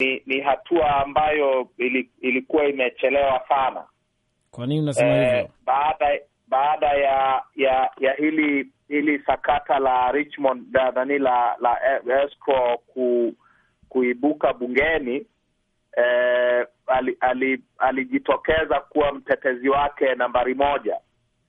ni, ni hatua ambayo ilikuwa imechelewa sana. Kwa nini unasema eh, hivyo? Eh, baada baada ya ya ya hili hili sakata la Richmond dadhani la la escrow ku, kuibuka bungeni eh, alijitokeza ali, ali kuwa mtetezi wake nambari moja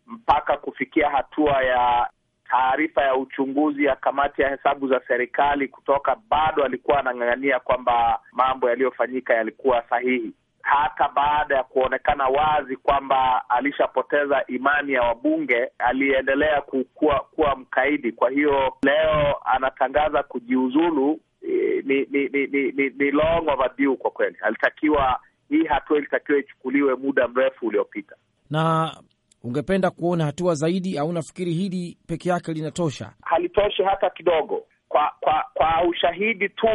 mpaka kufikia hatua ya taarifa ya uchunguzi ya kamati ya hesabu za serikali kutoka, bado alikuwa anang'ang'ania kwamba mambo yaliyofanyika yalikuwa sahihi, hata baada ya kuonekana wazi kwamba alishapoteza imani ya wabunge, aliendelea kukua, kuwa mkaidi. Kwa hiyo leo anatangaza kujiuzulu. Ni, ni, ni, ni, ni long overdue kwa kweli. Alitakiwa hii hatua ilitakiwa ichukuliwe muda mrefu uliopita. Na Ungependa kuona hatua zaidi au nafikiri hili peke yake linatosha? Halitoshi hata kidogo. Kwa kwa kwa ushahidi tu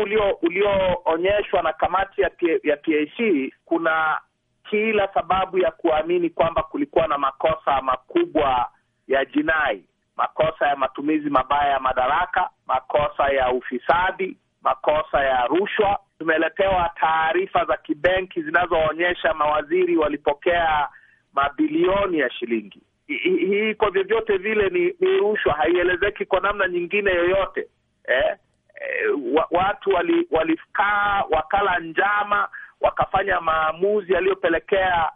ulioonyeshwa ulio na kamati ya, ya PAC kuna kila sababu ya kuamini kwamba kulikuwa na makosa makubwa ya jinai, makosa ya matumizi mabaya ya madaraka, makosa ya ufisadi, makosa ya rushwa. Tumeletewa taarifa za kibenki zinazoonyesha mawaziri walipokea mabilioni ya shilingi. Hii kwa vyovyote vile ni, ni rushwa, haielezeki kwa namna nyingine yoyote eh? Eh, watu wali, walikaa wakala njama wakafanya maamuzi yaliyopelekea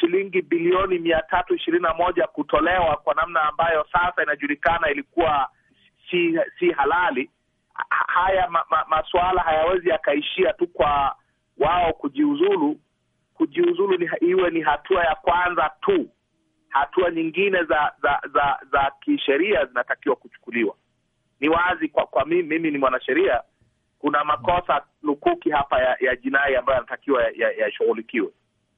shilingi bilioni mia tatu ishirini na moja kutolewa kwa namna ambayo sasa inajulikana ilikuwa si, si halali. Haya ma, ma, masuala hayawezi yakaishia tu kwa wao kujiuzulu kujiuzulu ni, iwe ni hatua ya kwanza tu. Hatua nyingine za za za, za kisheria zinatakiwa kuchukuliwa. Ni wazi kwa, kwa mimi, mimi ni mwanasheria, kuna makosa lukuki hapa ya, ya jinai ambayo yanatakiwa yashughulikiwe ya